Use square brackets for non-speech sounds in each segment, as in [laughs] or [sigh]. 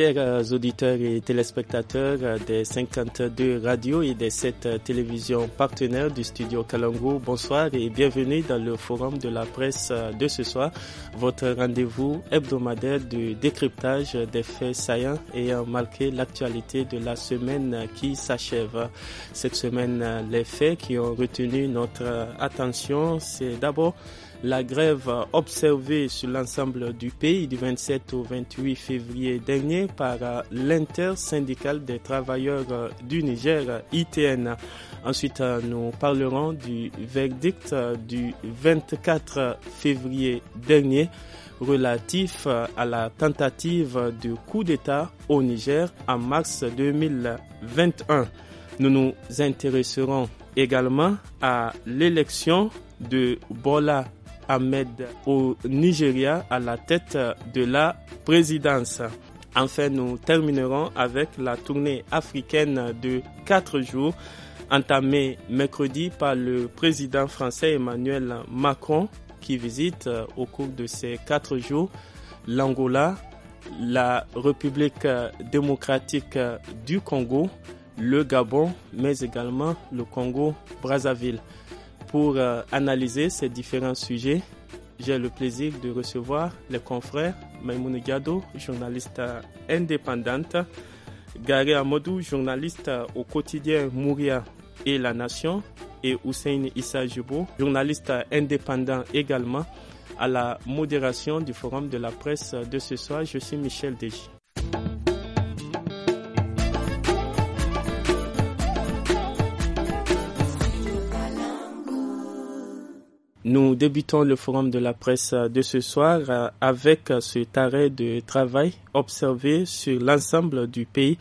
chers euh, auditeurs et téléspectateurs euh, des 52 radios et des 7 euh, télévisions partenaires du studio Kalango, bonsoir et bienvenue dans le forum de la presse de ce soir, votre rendez-vous hebdomadaire du décryptage des faits saillants ayant marqué l'actualité de la semaine qui s'achève. Cette semaine, les faits qui ont retenu notre attention, c'est d'abord la grève observée sur l'ensemble du pays du 27 au 28 février dernier par euh, l'intersyndicale des travailleurs euh, du Niger, euh, ITN. Ensuite, nous parlerons du verdict du 24 février dernier relatif à la tentative de coup d'État au Niger en mars 2021. Nous nous intéresserons également à l'élection de Bola Ahmed au Nigeria à la tête de la présidence. Enfin, nous terminerons avec la tournée africaine de quatre jours entamée mercredi par le président français Emmanuel Macron qui visite euh, au cours de ces quatre jours l'Angola, la République démocratique du Congo, le Gabon, mais également le Congo-Brazzaville pour euh, analyser ces différents sujets. J'ai le plaisir de recevoir les confrères Maïmoune Gado, journaliste euh, indépendante, Gary Amodou, journaliste euh, au quotidien Mouria et La Nation, et Hussein Issa Jubo, journaliste indépendant également, à la modération du forum de la presse de ce soir. Je suis Michel Deji. Nous débutons le forum de la presse de ce soir euh, avec euh, ce arrêt de travail observé sur l'ensemble du pays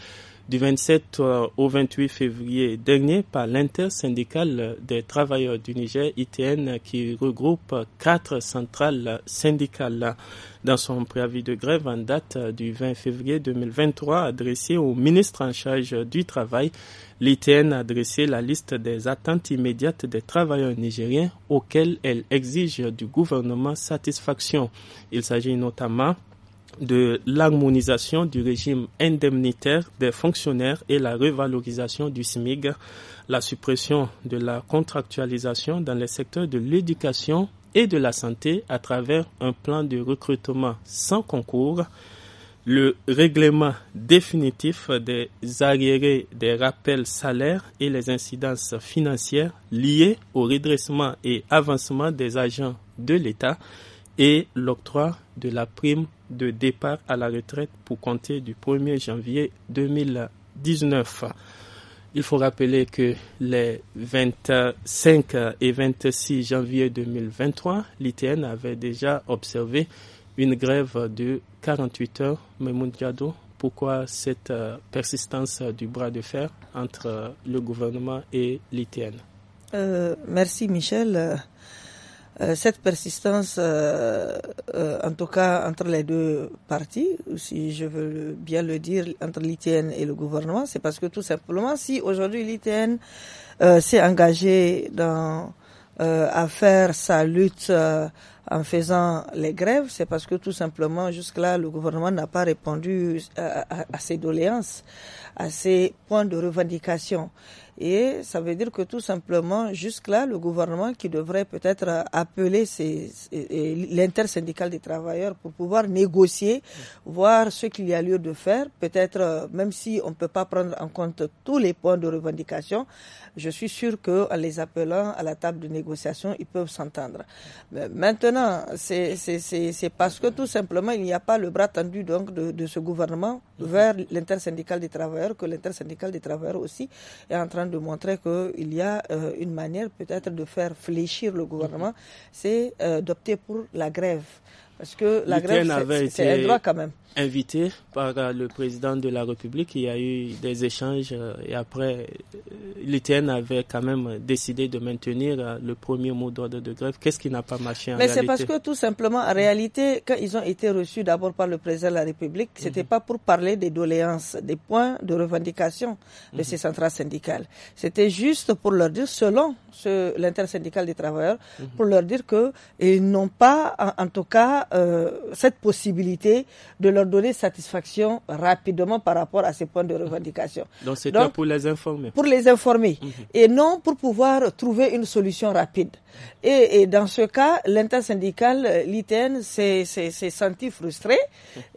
du 27 euh, au 28 février dernier par l'intersyndicale des travailleurs du Niger, ITN, qui regroupe quatre centrales syndicales. Dans son préavis de grève en date du 20 février 2023 adressé au ministre en charge du Travail, l'ITN a adressé la liste des attentes immédiates des travailleurs nigériens auxquelles elle exige du gouvernement satisfaction. Il s'agit notamment de l'harmonisation du régime indemnitaire des fonctionnaires et la revalorisation du SMIG, la suppression de la contractualisation dans les secteurs de l'éducation et de la santé à travers un plan de recrutement sans concours, le règlement définitif des arriérés des rappels salaires et les incidences financières liées au redressement et avancement des agents de l'État et l'octroi de la prime de départ à la retraite pour compter du 1er janvier 2019. Il faut rappeler que les 25 et 26 janvier 2023, l'ITN avait déjà observé une grève de 48 heures. Mais Mundiado, pourquoi cette euh, persistance du bras de fer entre le gouvernement et l'ITN euh, Merci Michel. Euh, cette persistance, euh, euh, en tout cas entre les deux parties, si je veux bien le dire, entre l'ITN et le gouvernement, c'est parce que tout simplement, si aujourd'hui l'ITN s'est engagé dans à faire sa lutte en faisant les grèves, c'est parce que tout simplement, jusque-là, le gouvernement n'a pas répondu à, à, ses doléances, à ses points de revendication. Et ça veut dire que tout simplement, jusque-là, le gouvernement qui devrait peut-être appeler l'intersyndicale des travailleurs pour pouvoir négocier, voir ce qu'il y a lieu de faire, peut-être euh, même si on ne peut pas prendre en compte tous les points de revendication, je suis sûr qu'en les appelant à la table de négociation, ils peuvent s'entendre. Maintenant, c'est parce que tout simplement, il n'y a pas le bras tendu donc de, ce gouvernement mhm. vers l'intersyndicale des travailleurs que l'intersyndicale des travailleurs aussi est en train de montrer qu'il y a euh, une manière peut-être de faire fléchir le gouvernement, mm-hmm. c'est euh, d'opter pour la grève. Parce que la grève, c'est un droit quand même. Invité par euh, le président de la République, il y a eu des échanges euh, et après, euh, l'UTN avait quand même décidé de maintenir le premier mot d'ordre de grève. Qu'est-ce qui n'a pas marché en Mais c'est parce que tout simplement, en réalité, quand ils ont été reçus d'abord par le président de la République, mhm. c'était pas pour parler des doléances, des points de revendication de mhm. ces centrales syndicales. C'était juste pour leur dire, selon syndical des travailleurs, mhm. pour leur dire que ils n'ont pas, en tout cas, euh, cette possibilité de leur donner satisfaction rapidement par rapport à ces points de revendication. Donc c'est pour les informer. Pour les informer mhm. et non pour pouvoir trouver une solution rapide. Et, dans ce cas, l'intersyndicale, euh, l'ITN, s'est senti frustré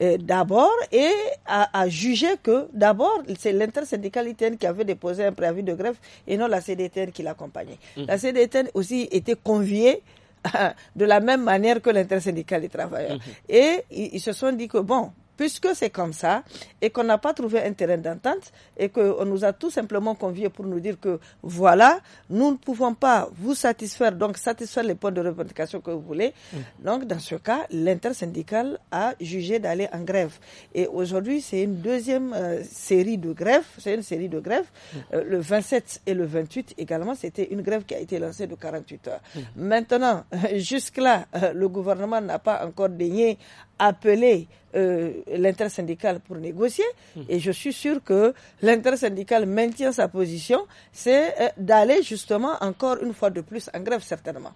euh, d'abord et a, jugé que d'abord c'est l'intersyndicale l'ITN qui avait déposé un préavis de grève et non la CDTN qui l'accompagnait. Mhm. La CDTN aussi était conviée [laughs] de la même manière que l'intersyndicale des travailleurs. Mmh. Et ils, se sont dit que, bon, puisque c'est comme ça et qu'on n'a pas trouvé un terrain d'entente et qu'on nous a tout simplement conviés pour nous dire que voilà, nous ne pouvons pas vous satisfaire, donc satisfaire les points de revendication que vous voulez. Mm. Donc, dans ce cas, l'intersyndical a jugé d'aller en grève. Et aujourd'hui, c'est une deuxième euh, série de grèves. C'est une série de grèves. Mm. Euh, le 27 et le 28 également, c'était une grève qui a été lancée de 48 heures. Mm. Maintenant, [laughs] jusque-là, euh, le gouvernement n'a pas encore daigné appeler euh, l'intersyndicale pour négocier. Hmm. Et je suis sûr que l'intersyndicale maintient sa position, c'est euh, d'aller justement encore une fois de plus en grève, certainement.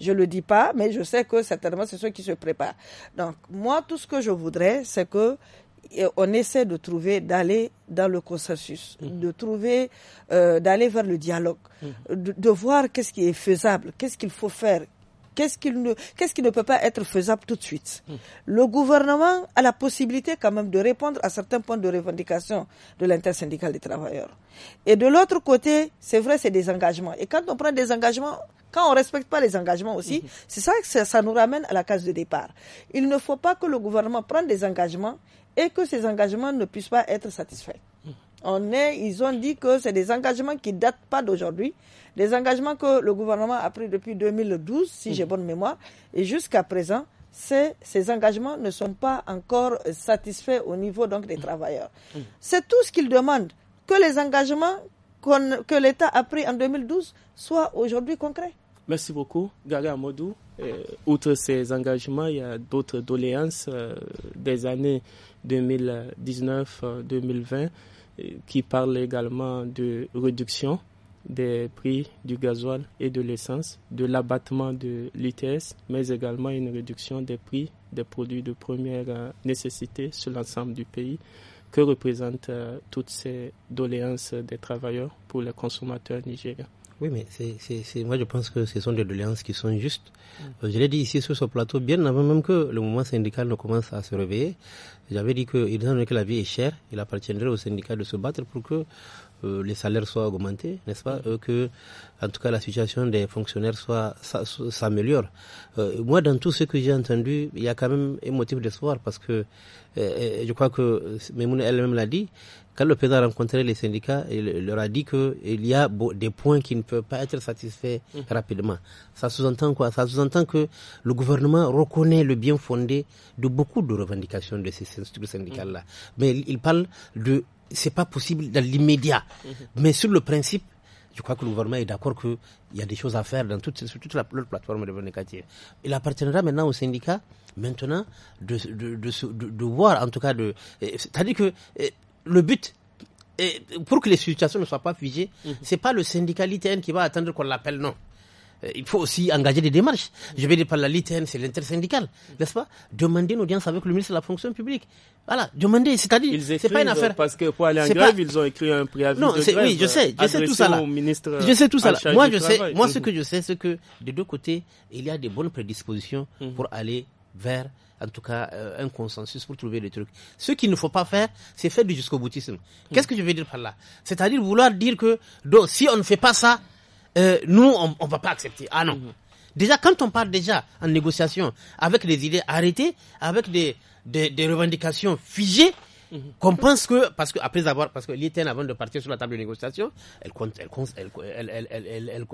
Je le dis pas, mais je sais que certainement c'est ceux qui se préparent. Donc, moi, tout ce que je voudrais, c'est que euh, on essaie de trouver, d'aller dans le consensus, hmm. de trouver, euh, d'aller vers le dialogue, hmm. de, voir qu'est-ce qui est faisable, qu'est-ce qu'il faut faire, Qu'est-ce qui ne, peut pas être faisable tout de suite Le gouvernement a la possibilité quand même de répondre à certains points de revendication de l'intersyndicale des travailleurs. Et de l'autre côté, c'est vrai, c'est des engagements. Et quand on prend des engagements, quand on respecte pas les engagements aussi, mhm. c'est ça que ça, ça, nous ramène à la case de départ. Il ne faut pas que le gouvernement prenne des engagements et que ces engagements ne puissent pas être satisfaits. On est, ils ont dit que c'est des engagements qui ne datent pas d'aujourd'hui, des engagements que le gouvernement a pris depuis 2012, si j'ai bonne mémoire, et jusqu'à présent, ces, engagements ne sont pas encore satisfaits au niveau des travailleurs. C'est tout ce qu'ils demandent, que les engagements que l'État a pris en 2012 soient aujourd'hui concrets. Merci beaucoup, Gaga Modou. Euh, outre ces engagements, il y a d'autres doléances euh, des années 2019-2020 qui parle également de réduction des prix du gasoil et de l'essence, de l'abattement de l'ITS, mais également une réduction des prix des produits de première euh, nécessité sur l'ensemble du pays. Que représentent euh, toutes ces doléances des travailleurs pour les consommateurs nigériens oui, mais c'est, moi je pense que ce sont des doléances qui sont justes. Euh, je l'ai dit ici sur ce plateau, bien avant même que le mouvement syndical ne commence à se réveiller, j'avais dit que, il que la vie est chère, il appartiendrait au syndicat de se battre pour que euh, les salaires soient augmentés, n'est-ce pas euh, Que, en tout cas, la situation des fonctionnaires soit s'améliore. moi, dans tout ce que j'ai entendu, il y a quand même un motif d'espoir parce que je crois que même elle-même l'a dit, quand le président a rencontré les syndicats, il leur a dit qu'il y a des points qui ne peuvent pas être satisfaits mmh. rapidement. Ça sous-entend quoi Ça sous-entend que le gouvernement reconnaît le bien fondé de beaucoup de revendications de ces structures syndicales-là. Mmh. Mais il, parle de c'est pas possible dans l'immédiat. Mmh. Mais sur le principe, je crois que le gouvernement est d'accord qu'il y a des choses à faire dans toute, sur toute la, plateforme de revendicative. Il appartiendra maintenant aux syndicats, maintenant, de, de, voir, en tout cas, de, c'est-à-dire que le but, pour que les situations ne soient pas figées, mhm. ce n'est pas le syndicat l'ITN qui va attendre qu'on l'appelle, non. Euh, il faut aussi engager des démarches. Je vais dire par la l'ITN, c'est l'intersyndical, n'est-ce pas Demander une audience avec le ministre de la fonction publique. Voilà, demander, c'est-à-dire, c'est pas une affaire. Parce que pour aller en grève, ils ont écrit un préavis non, de grève. Oui, je sais, je sais tout ça Je sais tout ça Moi, je sais, moi, ce mhm. que je sais, c'est que de deux côtés, il y a des bonnes prédispositions mhm. pour aller vers, en tout cas, euh, un consensus pour trouver le truc. Ce qu'il ne faut pas faire, c'est faire du jusqu'au boutisme. Hmm. Qu'est-ce que je veux dire par là C'est-à-dire vouloir dire que si on ne fait pas ça, euh, nous, on ne va pas accepter. Ah non. Hmm. Déjà, quand on part déjà en négociation avec des idées arrêtées, avec des, des, des revendications figées, qu'on pense que, parce qu'après avoir, parce que l'ITN, avant de partir sur la table de négociation, elle, elle, elle,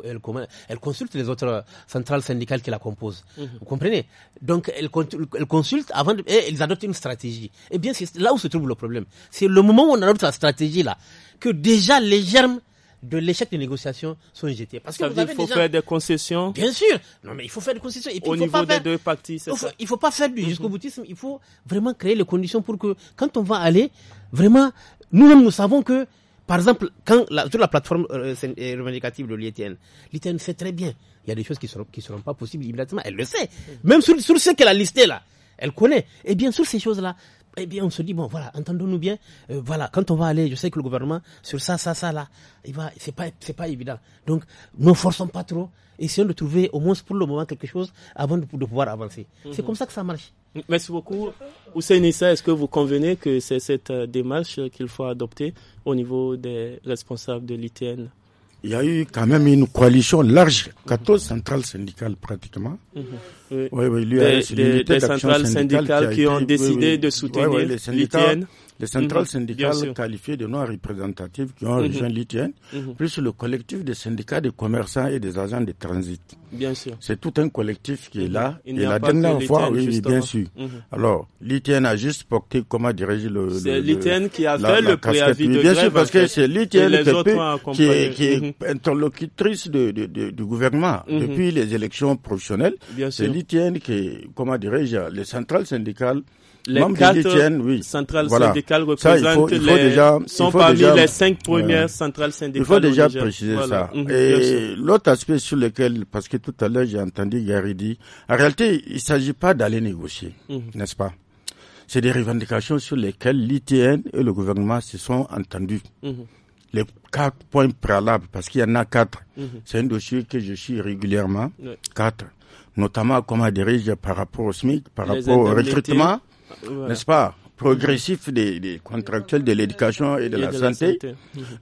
elle consulte les autres centrales syndicales qui la composent. Mhm. Vous comprenez Donc, elle, consulte avant de, et adoptent une stratégie. Eh bien, c'est là où se trouve le problème. C'est le moment où on adopte la stratégie-là, que déjà les germes de l'échec des négociations sont jetées. Parce ça que faut faire des concessions. Bien sûr. Non, mais il faut faire des concessions. Et puis, Au faut niveau pas des deux parties, c'est ça. Il faut pas faire du mhm. jusqu'au boutisme. Il faut vraiment créer les conditions pour que, quand on va aller, vraiment, nous-mêmes, nous savons que, par exemple, quand la, sur la plateforme euh, euh, euh revendicative de l'ITN, l'ITN sait très bien, il y a des choses qui ne seront, qui seront pas possibles immédiatement. Elle le sait. Mhm. Même sur, sur ce qu'elle a listé là, elle connaît. Et bien sur ces choses là, eh bien, on se dit, bon, voilà, entendons-nous bien, euh, voilà, quand on va aller, je sais que le gouvernement, sur ça, ça, ça, là, il va, c'est pas, évident. Donc, ne forçons pas trop, essayons de trouver, au moins pour le moment, quelque chose avant de, pouvoir avancer. Mhm. C'est comme ça que ça marche. Merci beaucoup. Ousseinissa, est-ce que vous convenez que c'est cette euh, démarche qu'il faut adopter au niveau des responsables de l'ITN? il y a eu quand même une coalition large, 14 centrales syndicales pratiquement. oui. Oui, des, centrales syndicales, qui, ont décidé de soutenir l'ITN les centrales mhm. syndicales qualifiées de non représentatives qui ont mhm. rejoint l'ITN, mhm. plus le collectif des syndicats des commerçants et des agents de transit. Bien sûr. C'est tout un collectif qui est là. et la dernière fois, oui, bien sûr. Alors, l'ITN a juste porté comment diriger le. C'est l'ITN qui a fait le préavis de Bien sûr, parce que c'est l'ITN qui, est, qui interlocutrice du gouvernement depuis les élections professionnelles. C'est l'ITN qui, comment dirais-je, les centrales syndicales les quatre centrales syndicales représentent déjà, sont parmi les cinq premières centrales syndicales. Il faut déjà préciser ça. Mhm, et l'autre aspect sur lequel, parce que tout à l'heure j'ai entendu Gary dire, en réalité, il ne s'agit pas d'aller négocier, mhm. n'est-ce pas C'est des revendications sur lesquelles l'ITN et le gouvernement se sont entendus. Mhm. les quatre points préalables, parce qu'il y en a quatre. C'est un dossier que je suis régulièrement. Quatre. Notamment, comment dirige par rapport au SMIC, par rapport au recrutement, n'est-ce pas progressif des, contractuels de l'éducation et de, la, santé.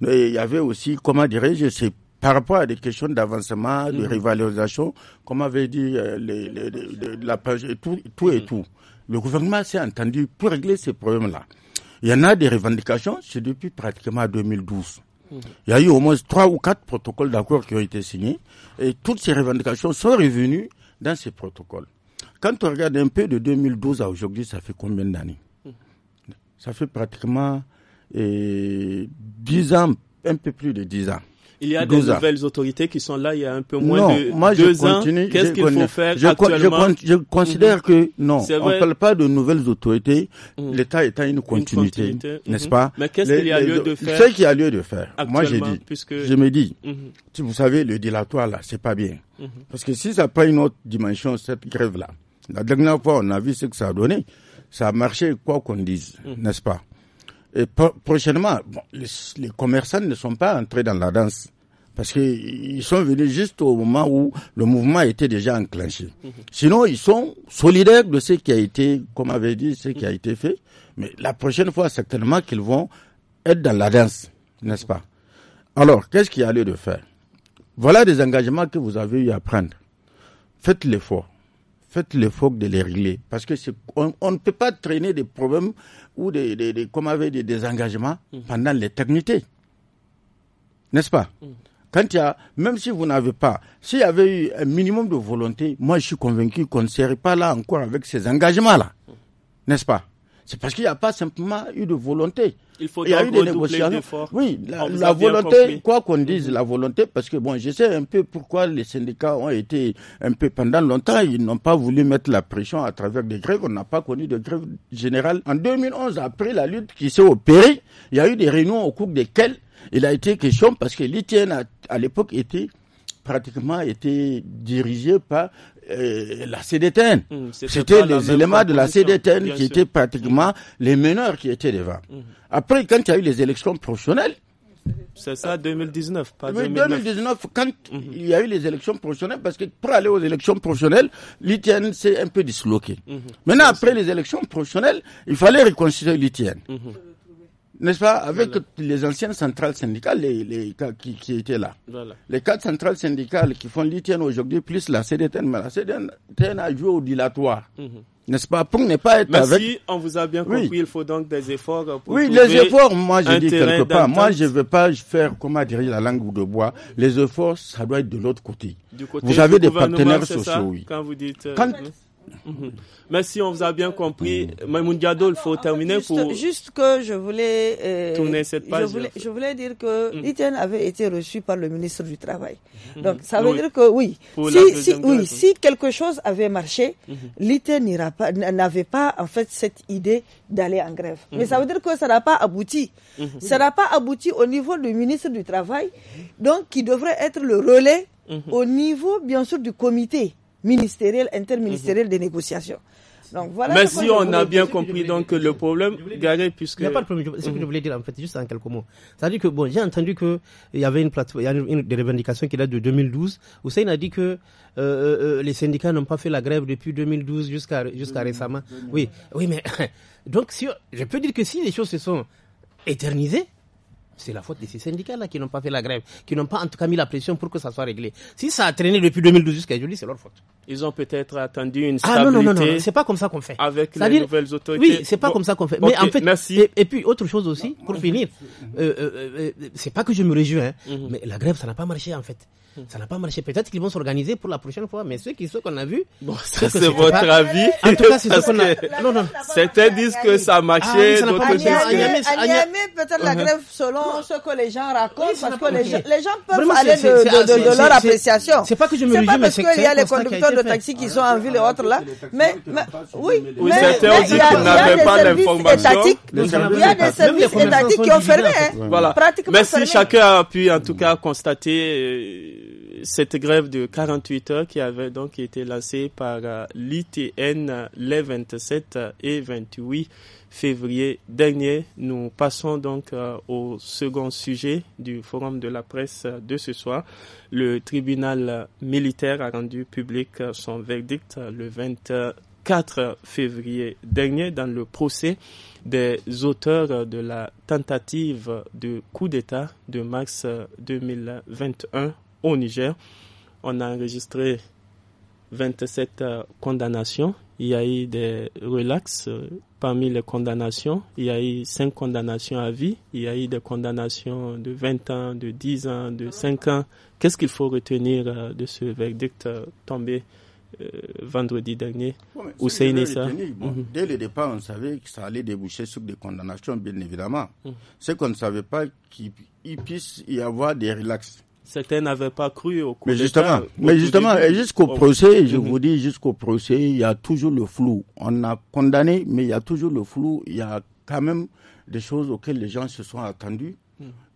il y avait aussi, comment dirais-je, c'est par rapport à des questions d'avancement, de mhm. rivalisation, comme avait dit euh, la page, tout, et mhm. tout. Le gouvernement s'est entendu pour régler ces problèmes-là. Il y en a des revendications, c'est depuis pratiquement 2012. Mhm. Il y a eu au moins trois ou quatre protocoles d'accord qui ont été signés et toutes ces revendications sont revenues dans ces protocoles. Quand on regarde un peu de 2012 à aujourd'hui, ça fait combien d'années mm. Ça fait pratiquement 10 eh, ans, un peu plus de 10 ans. Il y a des nouvelles autorités qui sont là il y a un peu moins de moi deux je ans. Qu'est-ce qu'il faut faire je, actuellement Je, mm-hmm. considère que non, on ne parle pas de nouvelles autorités. Mm. L'État L'État étant une continuité, n'est-ce mm-hmm. pas Mais qu'est-ce qu'il y a lieu de faire Ce qu'il y a lieu de faire. Moi, j'ai dit, je me dis, mm-hmm. vous savez, le dilatoire là, c'est pas bien, parce que si ça prend une autre dimension cette grève là, la dernière fois, on a vu ce que ça a donné. Ça a marché, quoi qu'on dise, mm. n'est-ce pas Et prochainement, les, commerçants ne sont pas entrés dans la danse. Parce qu'ils sont venus juste au moment où le mouvement était déjà enclenché. Mm-hmm. Sinon, ils sont solidaires de ce qui a été, comme avait dit, ce qui a mm-hmm. été fait. Mais la prochaine fois, certainement qu'ils vont être dans la danse, n'est-ce pas Alors, qu'est-ce qu'il y a lieu de faire Voilà des engagements que vous avez eu à prendre. Faites l'effort faites l'effort de les régler. Parce que ne peut pas traîner des problèmes ou des, des, comme avait des désengagements mhm. pendant l'éternité. N'est-ce pas mhm. Quand il y a, même si vous n'avez pas, s'il y avait eu un minimum de volonté, moi je suis convaincu qu'on ne serait pas là encore avec ces engagements-là. Mhm. N'est-ce pas c'est parce qu'il n'y a pas simplement eu de volonté. Il, faut y a eu des négociations. Oui, la, volonté, quoi qu'on dise, la volonté, parce que bon, je sais un peu pourquoi les syndicats ont été un peu pendant longtemps, ils n'ont pas voulu mettre la pression à travers des grèves. On n'a pas connu de grève générale. En 2011, après la lutte qui s'est opérée, il y a eu des réunions au cours desquelles il a été question parce que l'ITN à l'époque était pratiquement été dirigé par euh, la CDTN. Hmm, c'était les éléments de la CDTN qui étaient pratiquement hmm. les meneurs qui étaient devant. Hmm. Après, quand il y a eu les élections professionnelles, c'est ça, 2019, pas 2009. 2019, quand il y a eu les élections professionnelles, parce que pour aller aux élections professionnelles, l'ITN s'est un peu disloqué. Maintenant, après les élections professionnelles, il fallait reconstituer l'ITN n'est-ce pas, avec les anciennes centrales syndicales les, qui, qui, étaient là. Les quatre centrales syndicales qui font l'ITN aujourd'hui, plus la CDTN, mais la CDTN a joué au dilatoire. Mhm. N'est-ce pas Pour ne pas être avec... si on vous a bien compris, il faut donc des efforts pour Oui, les efforts, moi je dis quelque part, moi je ne veux pas faire, comment dire, la langue de bois. Les efforts, ça doit être de l'autre côté. Vous avez des partenaires sociaux, oui. Quand vous dites... Euh, mais mhm. si on vous a bien compris. Maïmoun Diado, il faut terminer juste, pour. Juste que je voulais. Euh, tourner cette page. Je voulais, dire que l'ITEN mhm. avait été reçu par le ministre du Travail. Mhm. Donc, ça veut dire que oui. Si, quelque chose avait marché, pas, n'avait pas, en fait, cette idée d'aller en grève. Mais ça veut dire que ça n'a pas abouti. Ça n'a pas abouti au niveau du ministre du Travail, donc qui devrait être le relais au niveau, bien sûr, du comité ministériel, interministériel mhm. des négociations. Donc, voilà Mais si on a bien compris donc le problème, puisque... Il n'y a pas de problème. Ce que je voulais dire, en fait, juste en quelques mots. C'est-à-dire que, bon, j'ai entendu qu'il y avait une plateforme, il y a une, des revendications qui date de 2012. Hussein a dit que euh, euh, euh, les syndicats n'ont pas fait la grève depuis 2012 jusqu'à jusqu'à récemment. Oui, oui, mais... [laughs] donc, si, je peux dire que si les choses se sont éternisées, c'est la faute de ces syndicats là qui n'ont pas fait la grève, qui n'ont pas en tout cas mis la pression pour que ça soit réglé. Si ça a traîné depuis 2012 jusqu'à aujourd'hui, c'est leur faute. Ils ont peut-être attendu une stabilité. Ah non non non, non. c'est pas comme ça qu'on fait. Avec les nouvelles autorités. Oui, c'est pas comme ça qu'on fait. Mais en fait, merci. Et, puis autre chose aussi, pour finir, euh, euh, euh, c'est pas que je me réjouis, hein, mhm. mais la grève ça n'a pas marché en fait. [laughs] Ça n'a pas marché. Peut-être qu'ils vont s'organiser pour la prochaine fois, mais ceux qui sont qu'on a vu, Bon, ça, c'est votre pas... avis. En tout cas, c'est ce qu'on a. Non, non. Certains disent que ça a marché, ah, oui, d'autres a que. peut-être la uh-huh. grève selon ce que les gens racontent, parce que les gens, les gens peuvent aller de, ah, leur appréciation. C'est pas que je me C'est pas parce qu'il y a les conducteurs de taxi qui sont en ah, ville et autres là. Mais, oui. Oui, certains dit qu'ils n'avaient pas l'information. Il y a des services étatiques qui ont fermé. Voilà. Pratiquement. si chacun a pu en tout cas constater cette grève de 48 heures qui avait donc été lancée par euh, l'ITN les 27 et 28 février dernier. Nous passons donc euh, au second sujet du forum de la presse de ce soir. Le tribunal militaire a rendu public son verdict le 24 février dernier dans le procès des auteurs de la tentative de coup d'État de mars 2021 au Niger. On a enregistré 27 euh, condamnations. Il y a eu des relax euh, parmi les condamnations. Il y a eu 5 condamnations à vie. Il y a eu des condamnations de 20 ans, de 10 ans, de 5 ans. Qu'est-ce qu'il faut retenir euh, de ce verdict tombé vendredi dernier au mhm. Dès le départ, on savait que ça allait déboucher sur des condamnations, bien évidemment. C'est mhm. Ce qu'on ne savait pas, qu'il puisse y avoir des relaxes. Certains n'avaient pas cru au coup Mais justement, mais justement, jusqu'au procès, je mhm. vous dis, jusqu'au procès, il y a toujours le flou. On a condamné, mais il y a toujours le flou. Il y a quand même des choses auxquelles les gens se sont attendus.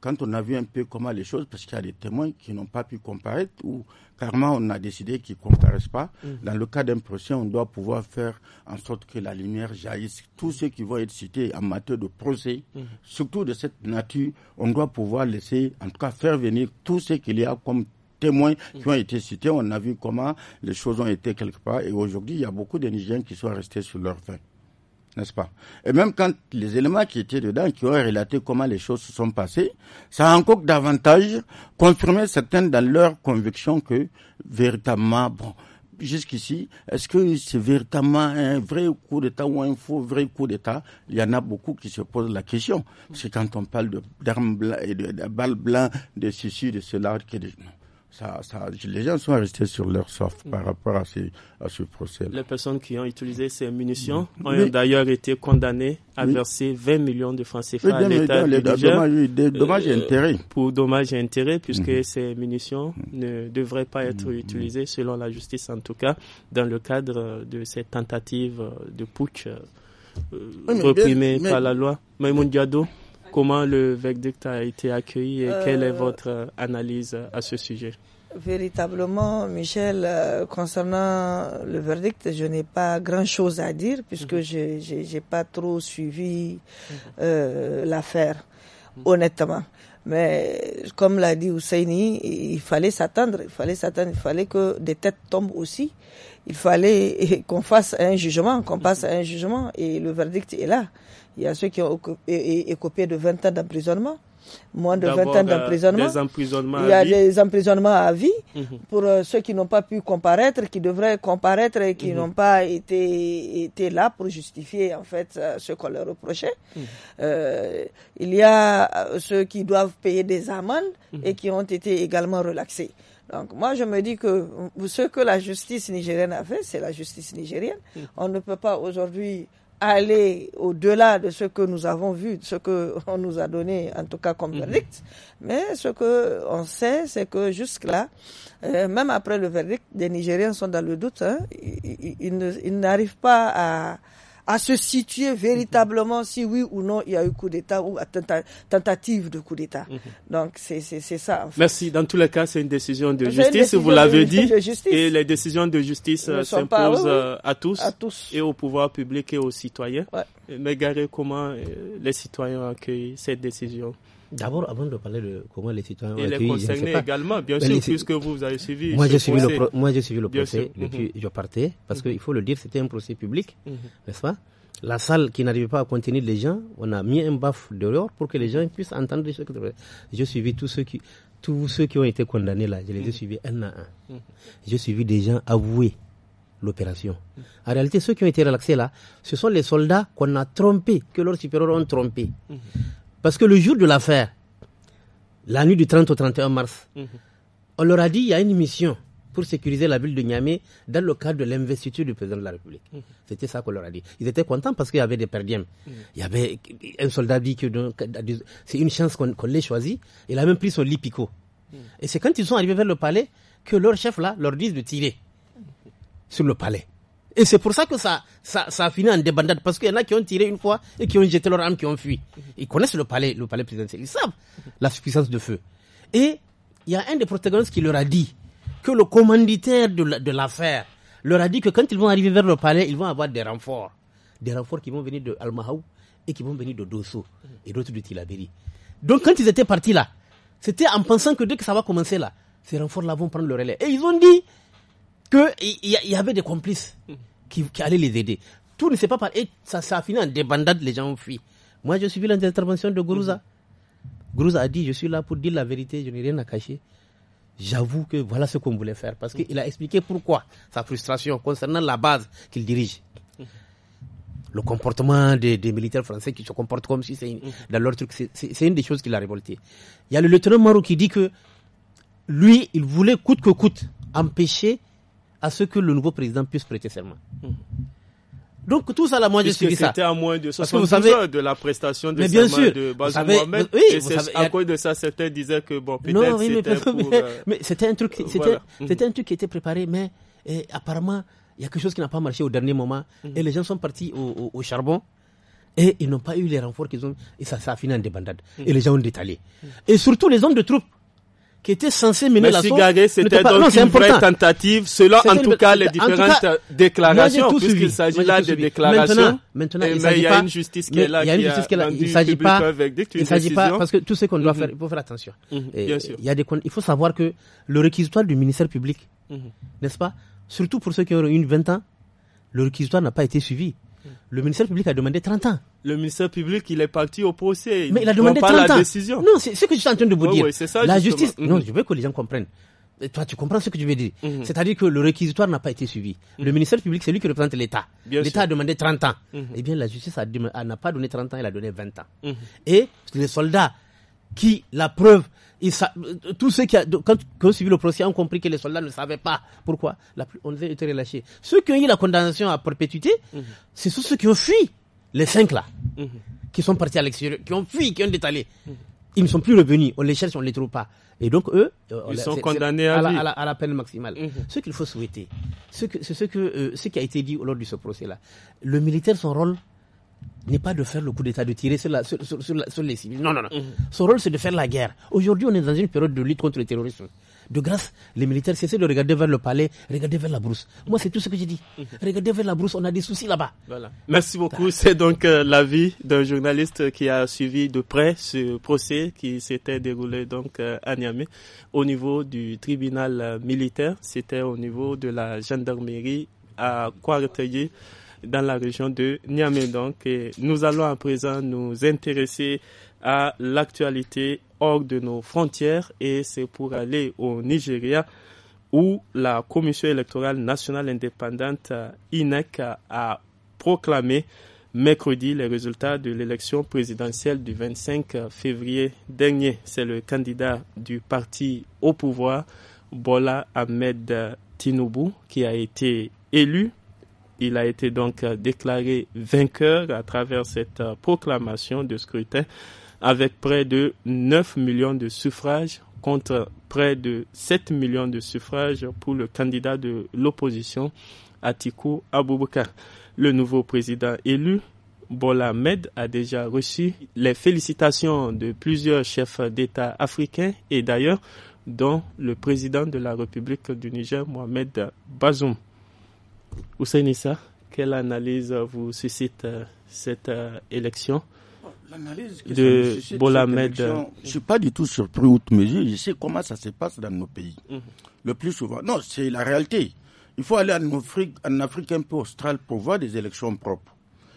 Quand on a vu un peu comment les choses, parce qu'il y a des témoins qui n'ont pas pu comparaître ou carrément on a décidé qu'ils ne comparaissent pas, mm. dans le cas d'un procès, on doit pouvoir faire en sorte que la lumière jaillisse. Tous ceux qui vont être cités en matière de procès, mm. surtout de cette nature, on doit pouvoir laisser, en tout cas faire venir tous ceux qu'il y a comme témoins qui ont été cités. On a vu comment les choses ont été quelque part. Et aujourd'hui, il y a beaucoup de qui sont restés sur leur fin n'est-ce pas Et même quand les éléments qui étaient dedans, qui ont relaté comment les choses se sont passées, ça a encore davantage confirmé certaines dans leur conviction que véritablement, jusqu'ici, est-ce que c'est véritablement un vrai coup d'État ou un faux vrai coup d'État Il y en a beaucoup qui se posent la question. C'est quand on parle d'armes blanches, de balles blanches, de ceci, de cela, que les gens sont restés sur leur soif par rapport à ce, procès. Les personnes qui ont utilisé ces munitions ont d'ailleurs été condamnées à verser 20 millions de francs CFA à l'État dommages, et euh, intérêts. pour dommages et intérêts, puisque mhm. ces munitions ne devraient pas être mhm. Mhm. utilisées, selon la justice en tout cas, dans le cadre de cette tentative de putsch euh, reprimée par la loi. Maïmoun Diado Comment le verdict a été accueilli et euh, quelle est votre euh, analyse euh, à ce sujet Véritablement, Michel, concernant le verdict, je n'ai pas grand-chose à dire puisque mhm. je n'ai pas trop suivi mhm. l'affaire, honnêtement. Mais comme l'a dit Husseini, il fallait s'attendre, il fallait s'attendre, il fallait que des têtes tombent aussi. Il fallait [laughs] qu'on fasse un jugement, qu'on passe mhm. un jugement et le verdict est là. Il y a ceux qui ont écopé de 20 ans d'emprisonnement moins de 20 ans euh, d'emprisonnement. Il y a des emprisonnements à vie mhm. pour euh, ceux qui n'ont pas pu comparaître, qui devraient comparaître et qui mhm. n'ont pas été, été là pour justifier en fait euh, ce qu'on leur reprochait. Mhm. il y a ceux qui doivent payer des amendes et qui ont été également relaxés. Donc moi je me dis que ce que la justice nigérienne a fait, c'est la justice nigérienne. On ne peut pas aujourd'hui aller au-delà de ce que nous avons vu, de ce que [laughs] on nous a donné, en tout cas comme mhm. verdict. Mais ce que on sait, c'est que jusque-là, euh, même après le verdict, des Nigériens sont dans le doute. Hein. ils n'arrivent pas à à se situer véritablement si oui ou non il y a eu coup d'État ou tentative de coup d'État. Mhm. Donc c'est ça. Merci. Dans tous les cas, c'est une décision de justice, vous l'avez dit. Et les décisions de justice s'imposent euh, à, tous, et au pouvoir public et aux citoyens. Mais Gary, comment euh, les citoyens accueillent cette décision D'abord, avant de parler de comment les citoyens ont et les concernés également, bien sûr, puisque vous avez suivi. Moi, j'ai suivi, le procès depuis mhm. je partais, parce qu'il faut le dire, c'était un procès public, mhm. n'est-ce pas la salle qui n'arrivait pas à contenir les gens, on a mis un baff dehors pour que les gens puissent entendre les choses. J'ai suivi tous ceux qui, tous ceux qui ont été condamnés là, je les ai mhm. suivis un à un. J'ai suivi des gens avoués l'opération. En réalité, ceux qui ont été relaxés là, ce sont les soldats qu'on a trompés, que leurs supérieurs ont trompés. Parce que le jour de l'affaire, la nuit du 30 au 31 mars, mhm. on leur a dit il y a une mission pour sécuriser la ville de Niamey dans le cadre de l'investiture du président de la République. Mhm. C'était ça qu'on leur a dit. Ils étaient contents parce qu'il y avait des perdièmes. Mhm. Il y avait un soldat dit que c'est une chance qu'on l'ait choisi. Il a même pris son lit Et c'est quand ils sont arrivés vers le palais que leur chef là leur dit de tirer sur le palais. Et c'est pour ça que ça, a fini en débandade. Parce qu'il y en a qui ont tiré une fois et qui ont jeté leur arme, qui ont fui. Ils connaissent le palais, le palais présidentiel. Ils savent la puissance de feu. Et il y a un des protagonistes qui leur a dit que le commanditaire de l'affaire leur a dit que quand ils vont arriver vers le palais, ils vont avoir des renforts. Des renforts qui vont venir de al et qui vont venir de Dosso et d'autres de Tilaberi. Donc quand ils étaient partis là, c'était en pensant que dès que ça va commencer là, ces renforts-là vont prendre le relais. Et ils ont dit qu'il il y, avait des complices qui, allait les aider. Tout ne s'est pas parlé. Et ça, ça a fini en débandade, les gens ont fui. Moi, je suis vu l'intervention de Gourouza. Gourouza a dit Je suis là pour dire la vérité, je n'ai rien à cacher. J'avoue que voilà ce qu'on voulait faire. Parce qu'il a expliqué pourquoi, sa frustration concernant la base qu'il dirige. Le comportement des, militaires français qui se comportent comme si c'est mhm. dans leur truc, c'est une des choses qui l'a révolté. Il y a le lieutenant Marou qui dit que lui, il voulait coûte que coûte empêcher à ce que le nouveau président puisse prêter serment. Hmm. Donc tout ça, là, moi, je ça. C'était à moins de savez, de la prestation de bien sûr, de Bazou Mohamed. à eh, cause de ça, certains disaient que bon, peut-être c'était euh, mais, c'était un truc, c'était, [laughs] c'était un truc qui était préparé, mais eh, apparemment, il y a quelque chose qui n'a pas marché au dernier moment. Mm-hmm. Et les gens sont partis au, charbon. Et ils n'ont pas eu les renforts qu'ils ont. Et ça, ça a fini en débandade. Mm-hmm. Et les gens ont détalé. Et surtout les hommes de troupes qui était censé mener la Chigaré, c'était donc une vraie tentative, selon en tout cas les différentes déclarations, puisqu'il s'agit là de déclarations. Maintenant, il y a une justice qui est là, il y qui s'agit pas, il s'agit pas, parce que tout ce qu'on doit mm-hmm. faire, il faut faire attention. Mm-hmm. Il y il faut savoir que le réquisitoire du ministère public, mm-hmm. n'est-ce pas, surtout pour ceux qui ont eu 20 ans, le réquisitoire n'a pas été suivi. Mm. Le ministère public a demandé 30 ans le ministère public, il est parti au procès. Mais il a demandé 30 pas la ans. décision. Non, c'est ce que je suis en train de vous dire. la justice, mm-hmm. non, je veux que les gens comprennent. Et toi, tu comprends ce que je veux dire. Mm-hmm. C'est-à-dire que le réquisitoire n'a pas été suivi. Mm-hmm. Le ministère public, c'est lui qui représente l'État. L'État a demandé 30 ans. Eh bien, la justice n'a pas donné 30 ans, elle a donné 20 ans. Et les soldats qui, la preuve, euh, tous ceux qui, ont suivi le procès ont compris que les soldats ne savaient pas pourquoi on les a été relâchés. Ceux qui ont eu la condamnation à perpétuité, c'est sont ceux qui ont fui les cinq là, mhm. qui sont partis à l'extérieur, qui ont fui, qui ont détalé, ils ne sont plus revenus. On les cherche, on ne les trouve pas. Et donc, eux, euh, ils sont condamnés à, la, peine maximale. Mhm. Ce qu'il faut souhaiter, ce, que, ce, euh, ce qui a été dit lors de ce procès-là, le militaire, son rôle, n'est pas de faire le coup d'État, de tirer sur, la, les civils. Non, non, non. Mhm. Son rôle, c'est de faire la guerre. Aujourd'hui, on est dans une période de lutte contre le terrorisme de grâce, les militaires cessaient de regarder vers le palais, regarder vers la brousse. Moi, c'est tout ce que j'ai dit. Mhm. Regardez vers la brousse, on a des soucis là-bas. Voilà. Merci beaucoup. C'est donc euh, l'avis d'un journaliste qui a suivi de près ce procès qui s'était déroulé donc euh, à Niamey au niveau du tribunal euh, militaire. C'était au niveau de la gendarmerie à Quartier dans la région de Niamey. Donc, nous allons à présent nous intéresser à l'actualité hors de nos frontières et c'est pour aller au Nigeria où la Commission électorale nationale indépendante euh, INEC a proclamé mercredi les résultats de l'élection présidentielle du 25 février dernier. C'est le candidat du parti au pouvoir, Bola Ahmed Tinubu, qui a été élu. Il a été donc déclaré vainqueur à travers cette euh, proclamation de scrutin avec près de 9 millions de suffrages contre près de 7 millions de suffrages pour le candidat de l'opposition, Atiku Abubakar. Le nouveau président élu, Bola Med, a déjà reçu les félicitations de plusieurs chefs d'État africains et d'ailleurs, dont le président de la République du Niger, Mohamed Bazoum. Hussein quelle analyse vous suscite euh, cette euh, élection L'analyse de Bolamed. Euh, Je ne suis pas du tout surpris outre mesure. Je sais comment ça se passe dans nos pays. Mhm. Le plus souvent. Non, c'est la réalité. Il faut aller en Afrique, en Afrique un peu australe pour voir des élections propres.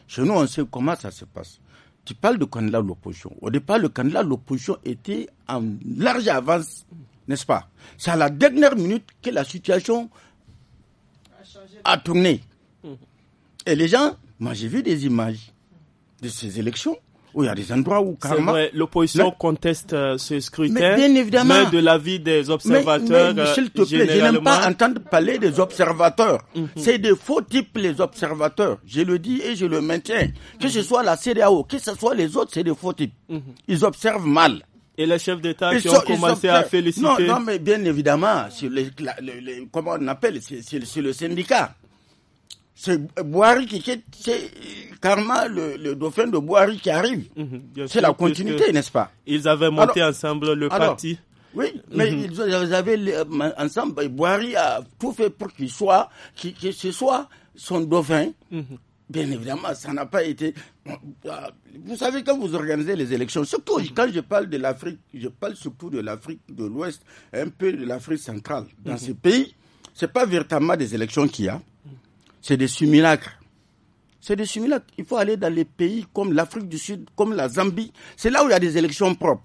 Chez nous, on sait comment ça se passe. Tu parles de candidat de l'opposition. Au départ, le candidat de l'opposition était en large avance, n'est-ce pas C'est à la dernière minute que la situation a, tourné. Mhm. Et les gens, moi j'ai vu des images de ces élections où il y a des endroits où carrément. l'opposition conteste euh, ce scrutin. Mais bien évidemment. Mais de l'avis des observateurs. Mais, te plaît, je n'aime pas entendre parler des observateurs. Mhm. C'est des faux types, les observateurs. Je le dis et je le maintiens. Que ce soit la CDAO, que ce soit les autres, c'est des faux types. Mhm. Ils observent mal. Et les chefs d'État qui ont commencé à féliciter. Non, non, mais bien évidemment, sur les, comment on appelle, sur le syndicat c'est Boari qui c'est Karma, le, dauphin de Boari qui arrive. Mhm, c'est la continuité, n'est-ce pas Ils avaient monté ensemble le parti. Oui, mais mhm. ils, avaient euh, ensemble, Boari a tout fait pour qu'il soit, ce soit son dauphin. Mhm. Bien évidemment, ça n'a pas été. Euh, vous savez, quand vous organisez les élections, surtout quand je parle de l'Afrique, je parle surtout de l'Afrique de l'Ouest, un peu de l'Afrique centrale. Dans ces pays, ce n'est pas véritablement des élections qu'il y a c'est des simulacres. C'est des simulacres. Il faut aller dans les pays comme l'Afrique du Sud, comme la Zambie. C'est là où il y a des élections propres.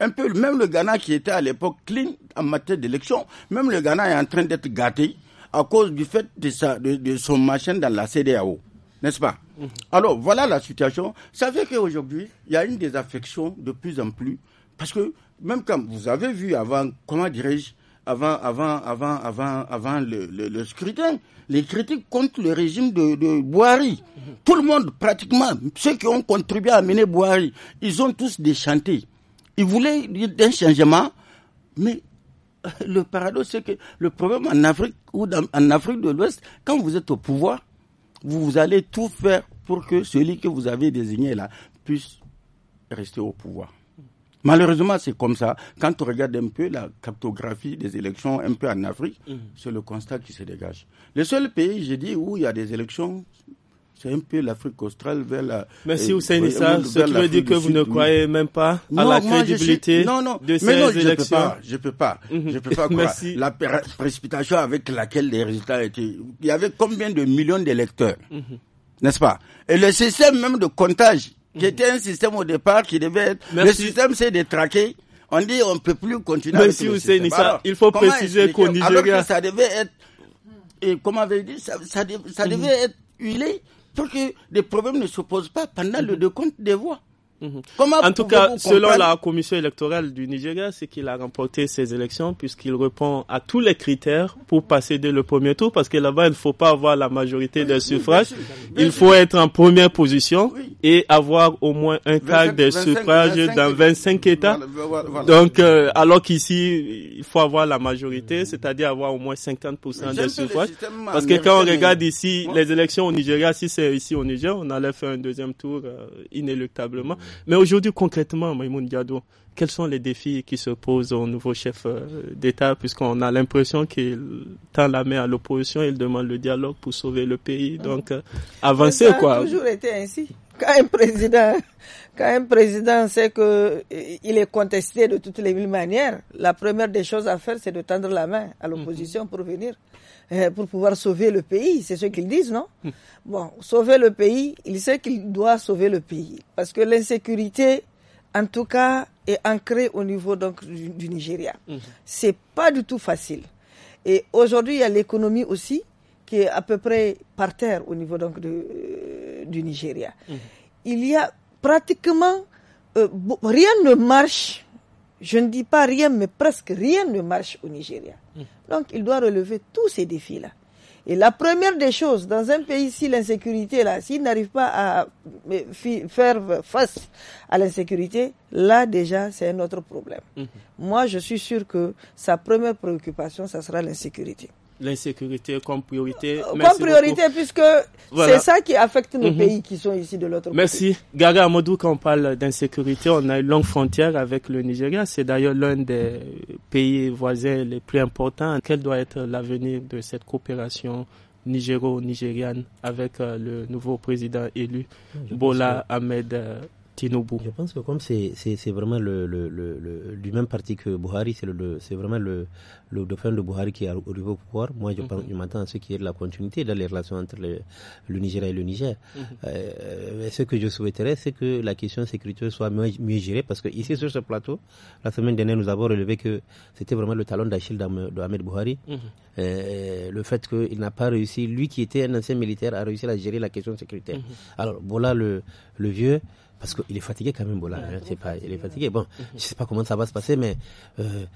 Un peu, même le Ghana qui était à l'époque clean en matière d'élection, même le Ghana est en train d'être gâté à cause du fait de, de, son machin dans la CDAO. N'est-ce pas mhm. Alors, voilà la situation. Ça fait qu'aujourd'hui, il y a une désaffection de plus en plus. Parce que, même quand vous avez vu avant, comment dirais-je, avant, avant, avant, avant, avant le, le, scrutin, les critiques contre le régime de, de Tout le monde, pratiquement, ceux qui ont contribué à amener Boari, ils ont tous déchanté. Ils voulaient un changement, mais euh, le paradoxe, c'est que le problème en Afrique ou en Afrique de l'Ouest, quand vous êtes au pouvoir, vous allez tout faire pour que celui que vous avez désigné là puisse rester au pouvoir. Malheureusement, c'est comme ça. Quand on regarde un peu la cartographie des élections un peu en Afrique, mm. c'est le constat qui se dégage. Le seul pays, j'ai dit, où il y a des élections, c'est un peu l'Afrique australe vers la. Merci euh, Hussein ça, ce qui veut dire que vous ne croyez même pas à la crédibilité de ces élections. non, élections. Je peux pas, je peux pas, mm-hmm. je peux pas [laughs] croire. La précipitation avec laquelle les résultats étaient. Il y avait combien de millions d'électeurs, mm-hmm. n'est-ce pas Et le système même de comptage qui était un système au départ qui devait être... Le système, c'est de traquer. On dit on ne peut plus continuer Mais si savez ça, il faut préciser Alors Nigeria... ça devait être... Et comment vous dit Ça, mhm. devait être huilé pour que des problèmes ne se posent pas pendant le décompte des voix. Mhm. en tout cas, selon la commission électorale du Nigeria, c'est qu'il a remporté ces élections puisqu'il répond à tous les critères pour passer dès le premier tour parce que là-bas, il ne faut pas avoir la majorité des suffrages. il faut être en première position et avoir au moins un quart des suffrages dans 25 États. Donc, euh, alors qu'ici, il faut avoir la majorité, mm. c'est-à-dire avoir au moins 50% des suffrages. Parce que quand on regarde ici, les élections au Nigeria, si c'est ici au Niger, on allait faire un deuxième tour euh, inéluctablement. Mais aujourd'hui, concrètement, Maïmoun Diado, quels sont les défis qui se posent au nouveau chef euh, d'État, puisqu'on a l'impression qu'il tend la main à l'opposition, il demande le dialogue pour sauver le pays, ah. donc euh, avancer ça a Toujours été ainsi. Quand un président, sait que euh, il est contesté de toutes les mille manières, la première des choses à faire, c'est de tendre la main à mhm. l'opposition pour venir. Euh, pour pouvoir sauver le pays. C'est ce qu'ils disent, non hmm. Bon, sauver le pays, il sait qu'il doit sauver le pays. Parce que l'insécurité, en tout cas, est ancrée au niveau donc, du, Nigeria. Hmm. Ce n'est pas du tout facile. Et aujourd'hui, il y a l'économie aussi qui est à peu près par terre au niveau donc, de, euh, du Nigeria. Hmm. Il y a pratiquement... Euh, rien ne marche je ne dis pas rien, mais presque rien ne marche au Nigeria. Hmm. Donc il doit relever tous ces défis-là. Et la première des choses, dans un pays, si l'insécurité, là, s'il n'arrive pas à faire face à l'insécurité, là, déjà, c'est un autre problème. Hmm. Moi, je suis sûr que sa première préoccupation, ça sera l'insécurité l'insécurité comme priorité. Euh, comme priorité, puisque c'est ça qui affecte nos mhm. pays qui sont ici de l'autre côté. Merci. Gaga Amadou, quand on parle d'insécurité, on a une longue frontière avec le Nigeria. C'est d'ailleurs l'un des pays voisins les plus importants. Quel doit être l'avenir de cette coopération nigéro-nigériane avec euh, le nouveau président élu, Bola Ahmed euh, je pense que comme c'est vraiment le, le, le, du même parti que Buhari, c'est le vraiment le, le dauphin de Buhari qui est arrivé au pouvoir. Moi, mhm. je, m'attends à ce qu'il y ait de la continuité dans les relations entre le, Niger et le Niger. Mhm. Euh, ce que je souhaiterais, c'est que la question sécuritaire soit mieux, gérée parce que ici sur ce plateau, la semaine dernière, nous avons relevé que c'était vraiment le talon d'Achille d'Ahmed Buhari. Mhm. euh, le fait qu'il n'a pas réussi, lui qui était un ancien militaire, a réussi à gérer la question sécuritaire. Alors voilà le, le vieux parce qu'il est fatigué quand même, Bola. pas, il est fatigué. Bon, je sais pas comment ça va se passer, mais euh,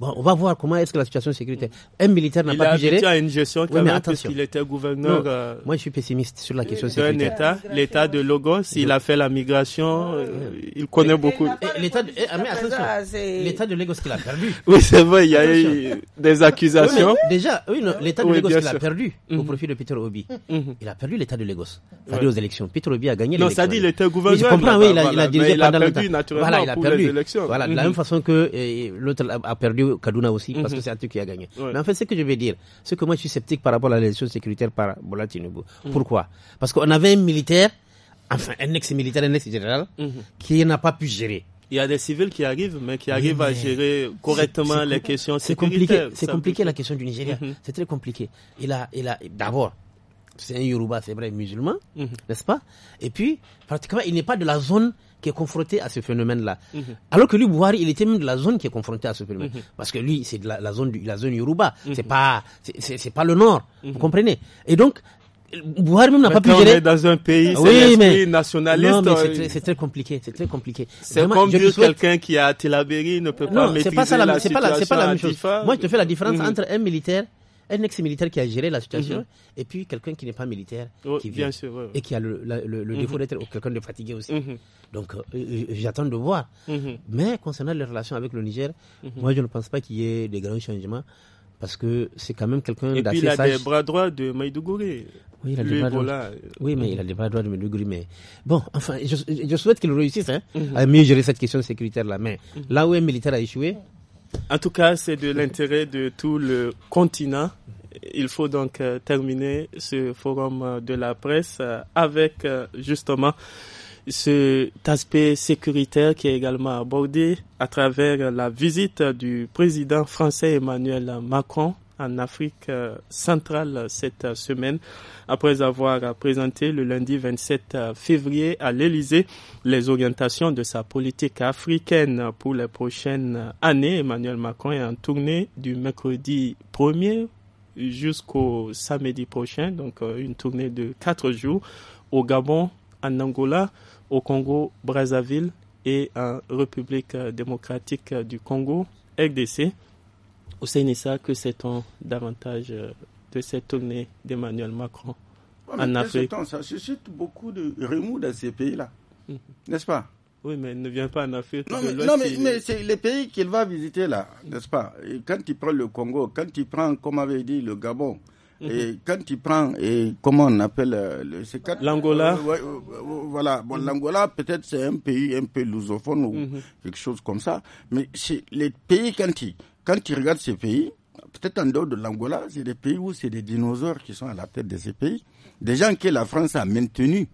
Bon, on va voir comment est-ce que la situation sécurité... Un militaire n'a pas pu gérer. Il a une gestion oui, mais attention. qu'il était gouverneur. Euh, moi, je suis pessimiste sur la question sécuritaire. État, l'État de Lagos, il a fait la migration. Ah, euh, il connaît beaucoup. L'État, de... Ah, mais attention, l'État de Lagos qu'il a perdu. [laughs] Oui, c'est vrai. Il y a eu des accusations. déjà, oui, l'État de Lagos qu'il a perdu au mhm. profit de Peter Obi. Mhm. Il a perdu l'État de Lagos. Ça dit aux élections. Peter Obi a gagné. Non, ça dit, il était gouverneur. Je comprends. Oui, il a dirigé pendant l'État. Voilà, il a perdu. Voilà, de la mhm. même façon que euh, l'autre a perdu Kaduna aussi, parce mhm. que c'est un truc qui a gagné. Mais en fait, ce que je veux dire, c'est que moi, je suis sceptique par rapport à la l'élection sécuritaire par Bola mhm. Pourquoi Parce qu'on avait un militaire, enfin, un ex-militaire, un ex-général, mhm. qui n'a pas pu gérer. Il y a des civils qui arrivent, mais qui arrivent à gérer correctement les questions sécuritaires. C'est compliqué, compliqué la question du Nigeria. C'est très compliqué. Il a, il a d'abord, c'est un Yoruba, c'est vrai, musulman, n'est-ce pas Et puis, pratiquement, il n'est pas de la zone qui est confronté à ce phénomène-là. Mhm. Alors que lui, Bouhari, il était même de la zone qui est confrontée à ce phénomène. Mhm. Parce que lui, c'est de la, zone la zone Yoruba. Mhm. C'est pas, c'est pas le Nord. Vous comprenez? Et donc, Bouhari même n'a pas pu gérer. On est dans un pays, c'est oui, nationaliste. Non, mais c'est très, compliqué, c'est très compliqué. C'est comme si quelqu'un qui a à ne peut pas maîtriser pas ça, la, situation. C'est pas la, même chose. Moi, je te fais la différence entre un militaire un ex-militaire qui a géré la situation, mhm. et puis quelqu'un qui n'est pas militaire, oh, qui vient, et qui a le, défaut mhm. d'être quelqu'un de fatigué aussi. Mhm. Donc, euh, euh, j'attends de voir. Mais concernant les relations avec le Niger, moi, je ne pense pas qu'il y ait des grands changements, parce que c'est quand même quelqu'un d'assez sage. Et il a des bras droits de Maïdougouri. Oui, Oui, mais il a des bras droits de Maïdougouri. Mais bon, enfin, je, souhaite qu'il réussisse hein. à mieux gérer cette question sécuritaire-là. Mais là où un militaire a échoué, en tout cas, c'est de l'intérêt de tout le continent. Il faut donc euh, terminer ce forum euh, de la presse euh, avec justement cet aspect sécuritaire qui est également abordé à travers la visite du président français Emmanuel Macron en Afrique euh, centrale cette euh, semaine. Après avoir euh, présenté le lundi 27 février à l'Elysée les orientations de sa politique africaine pour les prochaines années, Emmanuel Macron est en tournée du mercredi 1er jusqu'au samedi prochain, donc une tournée de quatre jours au Gabon, en Angola, au Congo, Brazzaville et en République démocratique du Congo, RDC au CNSA que sait-on davantage euh, de cette tournée d'Emmanuel Macron en Afrique temps, Ça suscite beaucoup de remous dans ces pays-là, mhm. n'est-ce pas oui, mais il ne vient pas en Afrique. Non, mais, non, mais, c'est les pays qu'il va visiter là, n'est-ce pas Quand il prend le Congo, quand il prend, comme avait dit, le Gabon, mhm. et quand il prend, et comment on appelle euh, le L'Angola euh, Voilà, bon, mhm. l'Angola, peut-être c'est un pays un peu lusophone ou quelque chose comme ça, mais c'est les pays quand quand tu regardes ces pays, peut-être en dehors de l'Angola, c'est des pays où c'est des dinosaures qui sont à la tête de ces pays. Des gens que la France a maintenus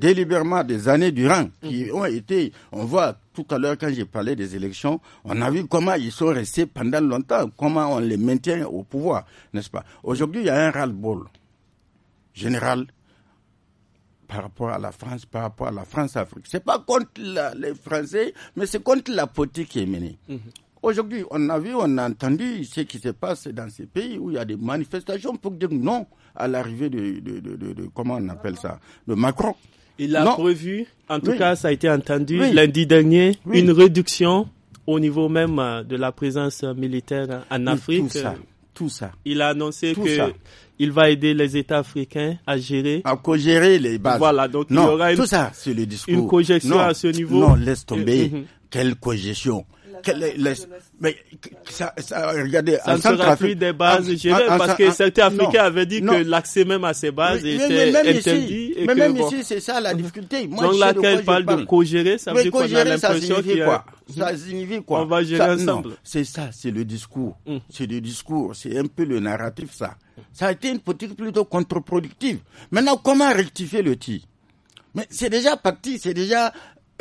délibérément des années durant, qui mhm. ont été, on voit tout à l'heure quand j'ai parlé des élections, on a vu comment ils sont restés pendant longtemps, comment on les maintient au pouvoir, n'est-ce pas Aujourd'hui, il y a un ras-le-bol général par rapport à la France, par rapport à la France-Afrique. Ce n'est pas contre les Français, mais c'est contre la politique qui est menée. Mhm. Aujourd'hui, on a vu, on a entendu ce qui se passe dans ces pays où il y a des manifestations pour dire non à l'arrivée de, comment on appelle ça, de Macron. Il a prévu, en tout cas, ça a été entendu lundi dernier, une réduction au niveau même euh, de la présence militaire en Afrique. Tout ça, tout ça. Il a annoncé que il va aider les États africains à gérer. À co les bases. Voilà, donc il y aura une, tout à ce niveau. Non, laisse tomber. Mm-hmm. Quelle congestion ça, regardez, ça ne sera plus des bases gérées parce que certains Africains avaient dit que l'accès même à ces bases était interdit. et mais même ici, c'est ça la difficulté. Moi, Donc là, quand parle de co-gérer, ça veut dire qu'on a l'impression qu'il Ça signifie quoi On va gérer ensemble. C'est ça, c'est le discours. Mm. C'est le discours, c'est un peu le narratif, ça. Ça a été une politique plutôt contre-productive. Maintenant, comment rectifier le tir mais c'est déjà parti, c'est déjà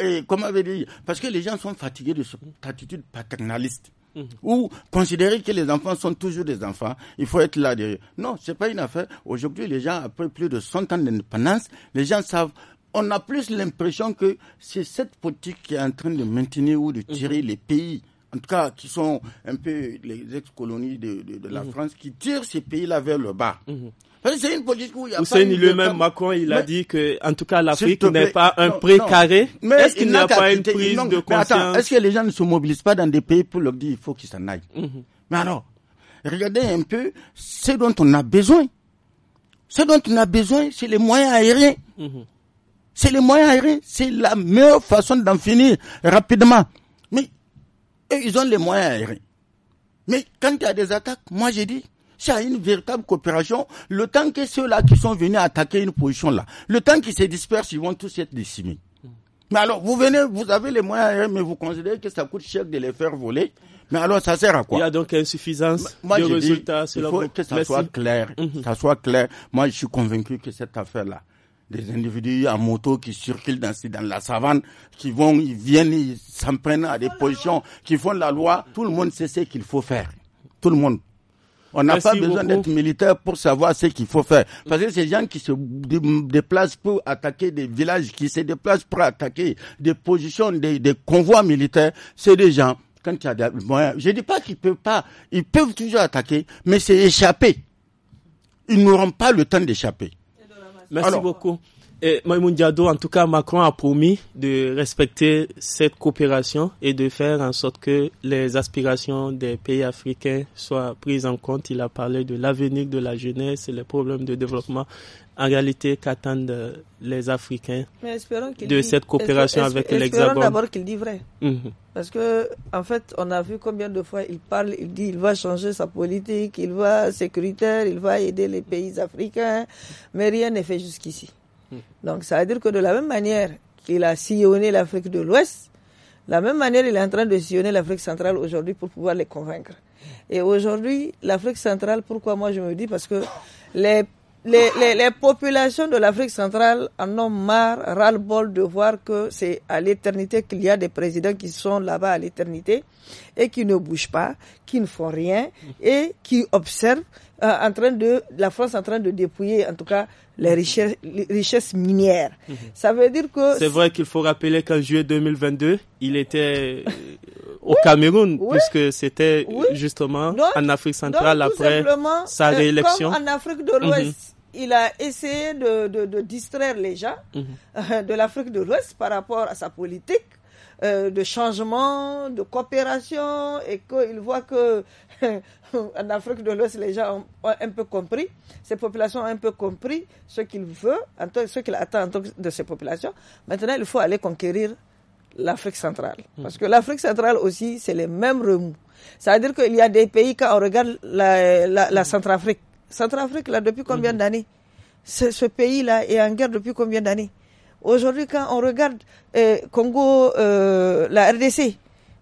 et comment avait dit, parce que les gens sont fatigués de cette attitude paternaliste. Mhm. Ou considérer que les enfants sont toujours des enfants, il faut être là derrière. Non, c'est pas une affaire. Aujourd'hui, les gens, après plus de 100 ans d'indépendance, les gens savent on a plus l'impression que c'est cette politique qui est en train de maintenir ou de tirer mhm. les pays en tout cas qui sont un peu les ex-colonies de, la mhm. France, qui tirent ces pays-là vers le bas. Mhm. C'est une politique où il y a Hussein, le même Macron, il a dit que, en tout cas, l'Afrique n'est pas un pré carré Mais est-ce qu'il n'y a, pas une prise de conscience Est-ce que les gens ne se mobilisent pas dans des pays pour leur dire il faut qu'ils s'en aillent mhm. Mais alors, regardez un peu ce dont on a besoin. Ce dont on a besoin, c'est les moyens aériens. C'est les moyens aériens, c'est la meilleure façon d'en finir rapidement. Mais et ils ont les moyens aériens. Mais quand il y a des attaques, moi j'ai dit, c'est a une véritable coopération. Le temps que ceux-là qui sont venus attaquer une position là, le temps qu'ils se dispersent, ils vont tous être décimés. Mais alors, vous venez, vous avez les moyens aériens, mais vous considérez que ça coûte cher de les faire voler. Mais alors, ça sert à quoi Il y a donc insuffisance de résultats. il faut que ça mhm. Ça soit clair. Moi, je suis convaincu que cette affaire-là, des individus en moto qui circulent dans, dans la savane, qui vont, ils viennent, ils s'en à des positions, qui font la loi. Tout le monde sait ce qu'il faut faire. Tout le monde. On n'a pas besoin d'être militaire pour savoir ce qu'il faut faire. Parce que ces gens qui se déplacent pour attaquer des villages, qui se déplacent pour attaquer des positions, des, convois militaires, c'est des gens, quand il y a des moyens, je dis pas qu'ils peuvent pas, ils peuvent toujours attaquer, mais c'est échapper. Ils n'auront pas le temps d'échapper. Merci beaucoup. Et en tout cas, Macron a promis de respecter cette coopération et de faire en sorte que les aspirations des pays africains soient prises en compte. Il a parlé de l'avenir de la jeunesse et les problèmes de développement en réalité qu'attendent les Africains de cette coopération avec l'Hexagone. Espérons d'abord qu'il dit vrai. Mhm. Parce que, en fait, on a vu combien de fois il parle, il dit il va changer sa politique, il va sécuritaire, il va aider les pays africains, mais rien n'est fait jusqu'ici. Mm-hmm. Donc ça veut dire que de la même manière qu'il a sillonné l'Afrique de l'Ouest, la même manière, il est en train de sillonner l'Afrique centrale aujourd'hui pour pouvoir les convaincre. Et aujourd'hui, l'Afrique centrale, pourquoi moi je me dis Parce que les, les, les populations de l'Afrique centrale en ont marre, ras-le-bol de voir que c'est à l'éternité qu'il y a des présidents qui sont là-bas à l'éternité et qui ne bougent pas, qui ne font rien et qui observent euh, en train de, la France en train de dépouiller, en tout cas, les richesses, les richesses minières. Mhm. Ça veut dire que. C'est vrai qu'il faut rappeler qu'en juillet 2022, il était euh, au Cameroun, puisque c'était justement en Afrique centrale après euh, sa réélection. en Afrique de l'Ouest. Mhm. il a essayé de, de, de distraire les gens mhm. de l'Afrique de l'Ouest par rapport à sa politique de changement, de coopération, et qu'il voit que [laughs] [laughs] en Afrique de l'Ouest, les gens ont, un peu compris, ces populations ont un peu compris ce qu'ils veulent, ce qu'ils attendent de ces populations. Maintenant, il faut aller conquérir l'Afrique centrale. Hmm. Parce que l'Afrique centrale aussi, c'est les mêmes remous. C'est-à-dire qu'il y a des pays, quand on regarde la, hmm. Centrafrique, Centrafrique, là, depuis combien hmm. d'années Ce pays-là est en guerre depuis combien d'années Aujourd'hui, quand on regarde le euh, Congo, euh, la RDC,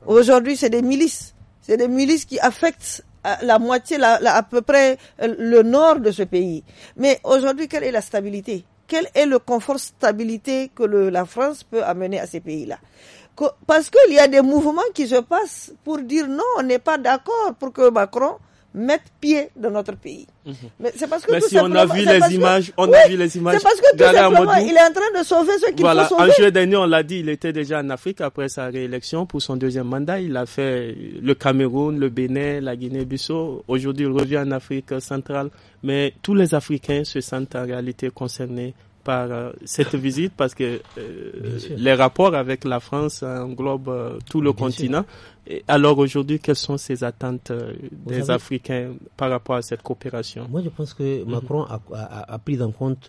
aujourd'hui, c'est des milices. C'est des milices qui affectent la moitié, la, à peu près euh, le nord de ce pays. Mais aujourd'hui, quelle est la stabilité Quel est le confort stabilité que la France peut amener à ces pays-là Parce qu'il y a des mouvements qui se passent pour dire non, on n'est pas d'accord pour que Macron mettre pied dans notre pays. Mhm. Mais que si on a vu les images, on a vu les images. C'est parce que il est en train de sauver ce qui voilà, faut sauver. En dernier, on l'a dit, il était déjà en Afrique après sa réélection pour son deuxième mandat. Il a fait le Cameroun, le Bénin, la Guinée-Bissau. Aujourd'hui, il revient en Afrique centrale. Mais tous les Africains se sentent en réalité concernés par euh, cette [laughs] visite parce que euh, les rapports avec la France euh, englobent tout le continent. Et alors aujourd'hui, quelles sont ces attentes des Africains par rapport à cette coopération Moi, je pense que mhm. Macron a, pris en compte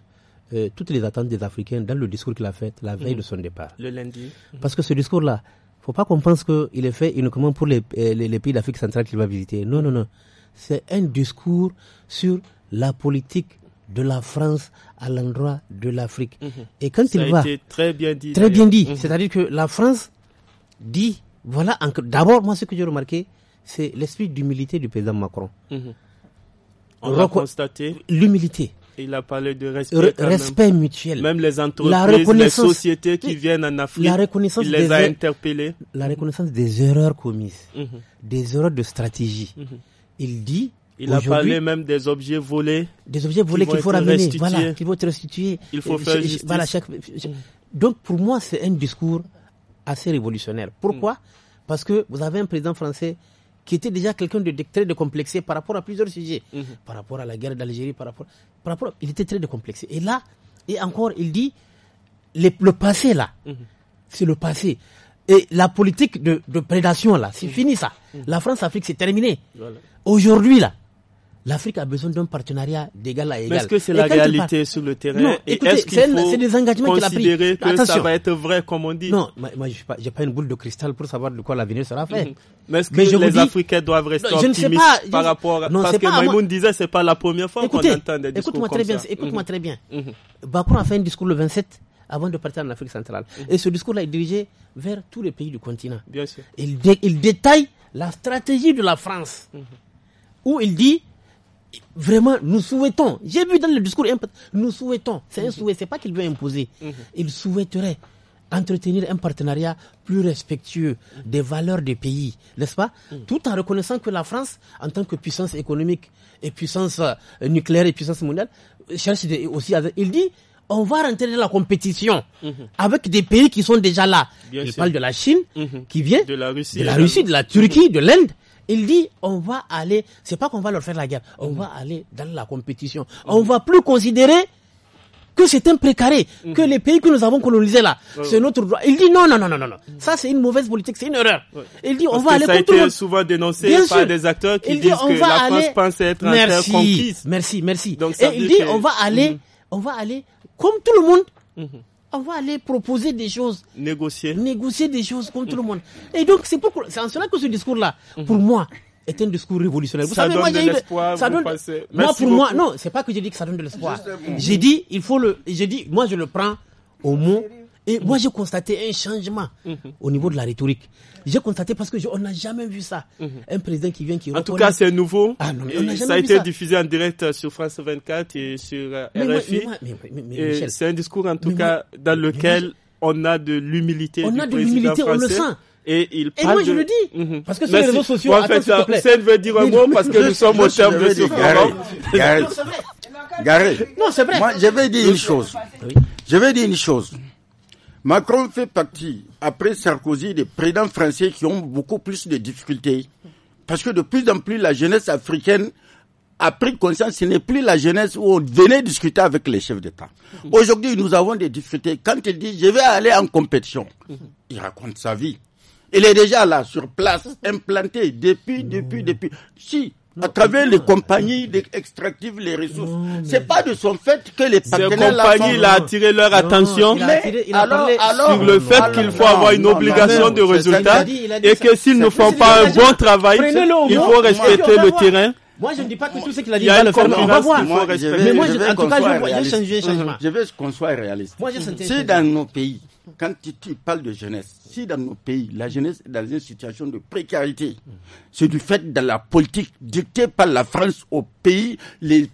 toutes les attentes des Africains dans le discours qu'il a fait la veille mhm. de son départ. Le lundi. Mhm. Parce que ce discours-là, il ne faut pas qu'on pense qu'il est fait uniquement pour les pays d'Afrique centrale qu'il va visiter. Non, non, non. C'est un discours sur la politique de la France à l'endroit de l'Afrique. Mhm. Et quand il a très bien dit. Très bien dit. Mhm. C'est-à-dire que la France dit, voilà, d'abord, moi, ce que j'ai remarqué, c'est l'esprit d'humilité du président Macron. Mhm. On a constaté. L'humilité. Il a parlé de respect. mutuel. Même les entreprises, les sociétés qui viennent en Afrique, il les a er- interpellés. La reconnaissance des erreurs commises, des erreurs de stratégie. Il dit, il a parlé même des objets volés. Des objets volés qu'il faut ramener, voilà, qu'il faut restituer. Il faut faire Donc pour moi, c'est un discours assez révolutionnaire. Pourquoi hmm. Parce que vous avez un président français qui était déjà quelqu'un de, très décomplexé par rapport à plusieurs sujets, hmm. par rapport à la guerre d'Algérie, par rapport, par rapport, il était très décomplexé. Et là, et encore, il dit le passé là, hmm. c'est le passé. Et la politique de, prédation là, c'est fini ça. La France-Afrique c'est terminé. Aujourd'hui là, L'Afrique a besoin d'un partenariat d'égal à égal. Est-ce que c'est la réalité sur le terrain non, Et écoutez, est-ce qu'il faut des engagements considérer qu'il a pris. que ça va être vrai, comme on dit Non, moi, je n'ai pas, pas, une boule de cristal pour savoir de quoi l'avenir sera fait. Mhm. Mais est-ce que les Africains doivent rester optimistes par rapport à... Non, Parce que pas, disait moi... disait c'est pas la première fois qu'on entend des discours écoute-moi très bien, Écoute-moi mhm. très bien. Mm a fait un discours le 27 avant de partir en Afrique centrale. Mhm. Et ce discours-là est dirigé vers tous les pays du continent. Bien sûr. Il, détaille la stratégie de la France, où il dit Vraiment, nous souhaitons, j'ai vu dans le discours, nous souhaitons, c'est un mhm. souhait, n'est pas qu'il veut imposer, mhm. il souhaiterait entretenir un partenariat plus respectueux des valeurs des pays, n'est-ce pas mhm. Tout en reconnaissant que la France, en tant que puissance économique et puissance euh, nucléaire et puissance mondiale, cherche aussi à... Il dit, on va rentrer dans la compétition avec des pays qui sont déjà là. Il parle de la Chine, qui vient, de la, Russie, de la hein. Turquie, de l'Inde. Il dit, on va aller, c'est pas qu'on va leur faire la guerre, on mhm. va aller dans la compétition. On On va plus considérer que c'est un précaré, mhm. que les pays que nous avons colonisés là, c'est notre droit. Il dit non, non, non, non, non, Ça, c'est une mauvaise politique, c'est une erreur. Il dit, on va aller contre. Ça a été souvent dénoncé par des acteurs qui disent que la France pense être merci, conquise. Merci, merci. Donc, Et il dit, on va aller, mhm. on va aller comme tout le monde on va aller proposer des choses. Négocier. Négocier des choses contre le monde. Et donc, c'est c'est en cela que ce discours-là, mhm. pour moi, est un discours révolutionnaire. ça donne moi, de l'espoir, ça Moi, pour moi, non, c'est pas que j'ai dit que ça donne de l'espoir. J'ai dit, il faut le, j'ai dit, moi, je le prends au mot et mm. moi, j'ai constaté un changement mm-hmm. au niveau de la rhétorique. J'ai constaté parce que on n'a jamais vu ça. Mm-hmm. Un président qui vient qui. En tout cas, c'est nouveau. Ah, non, ça a été diffusé en direct euh, sur France 24 et sur RFI. Euh, c'est un discours en tout cas dans lequel on a de l'humilité. On a de l'humilité, on le sent. Et, il parle moi, je le dis. Mm-hmm. Parce que sur les réseaux sociaux, en fait, Hussein veut dire un mot parce que nous sommes au terme de ce forum. Garé. Non, c'est vrai. Moi, je vais dire une chose. Je vais dire une chose. Macron fait partie, après Sarkozy, des présidents français qui ont beaucoup plus de difficultés. Parce que de plus en plus, la jeunesse africaine a pris conscience, ce n'est plus la jeunesse où on venait discuter avec les chefs d'État. Mhm. Aujourd'hui, nous avons des difficultés. Quand il dit, je vais aller en compétition, mhm. il raconte sa vie. Il est déjà là, sur place, implanté, depuis, depuis, mhm. depuis. Si à travers les compagnies extractives, les ressources. C'est pas de son fait que les partenaires... Ces compagnies, il a attiré leur attention sur le fait qu'il faut avoir une obligation de résultat et que s'ils ne font pas un bon travail, il faut respecter le terrain. Moi, je ne dis pas que tout ce qu'il a dit il va le faire, on va voir. mais moi, en tout cas, je, vais changer, changement. Je veux qu'on soit réaliste. c'est dans nos pays, quand tu, parle parles de jeunesse, si dans nos pays, la jeunesse est dans une situation de précarité, c'est du fait de la politique dictée par la France au pays, les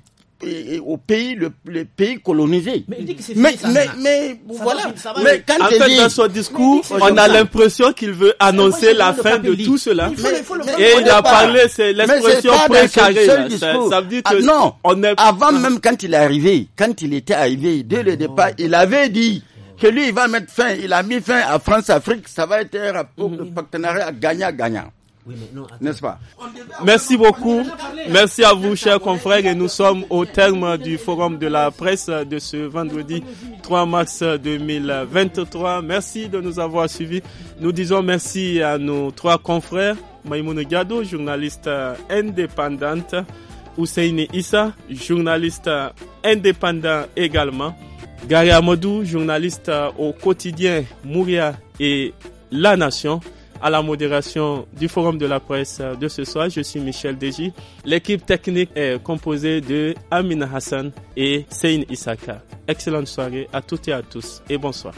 pays, le, pays colonisés. Mais il dit que c'est Mais, ça, mais, voilà. mais quand en fait, dit, dans son discours, on a l'impression qu'il veut annoncer la fin de tout cela. et il a parlé, c'est l'expression précarée. Ça, veut dire ah, que non, avant même quand il est arrivé, quand il était arrivé, dès le départ, il avait dit que lui, il va mettre fin, il a mis fin à France-Afrique, ça va être un rapport de mm-hmm. partenariat gagnant-gagnant. N'est-ce pas Merci beaucoup. Merci à vous, chers confrères. Et nous sommes au terme du forum de la presse de ce vendredi 3 mars 2023. Merci de nous avoir suivis. Nous disons merci à nos trois confrères. Maïmoune Gado, journaliste indépendante. Hussein Issa, journaliste indépendant également. Gary Amadou, journaliste euh, au quotidien Mouria et La Nation, à la modération du Forum de la presse euh, de ce soir. Je suis Michel Deji. L'équipe technique est composée de Amina Hassan et Sein Isaka. Excellente soirée à toutes et à tous et bonsoir.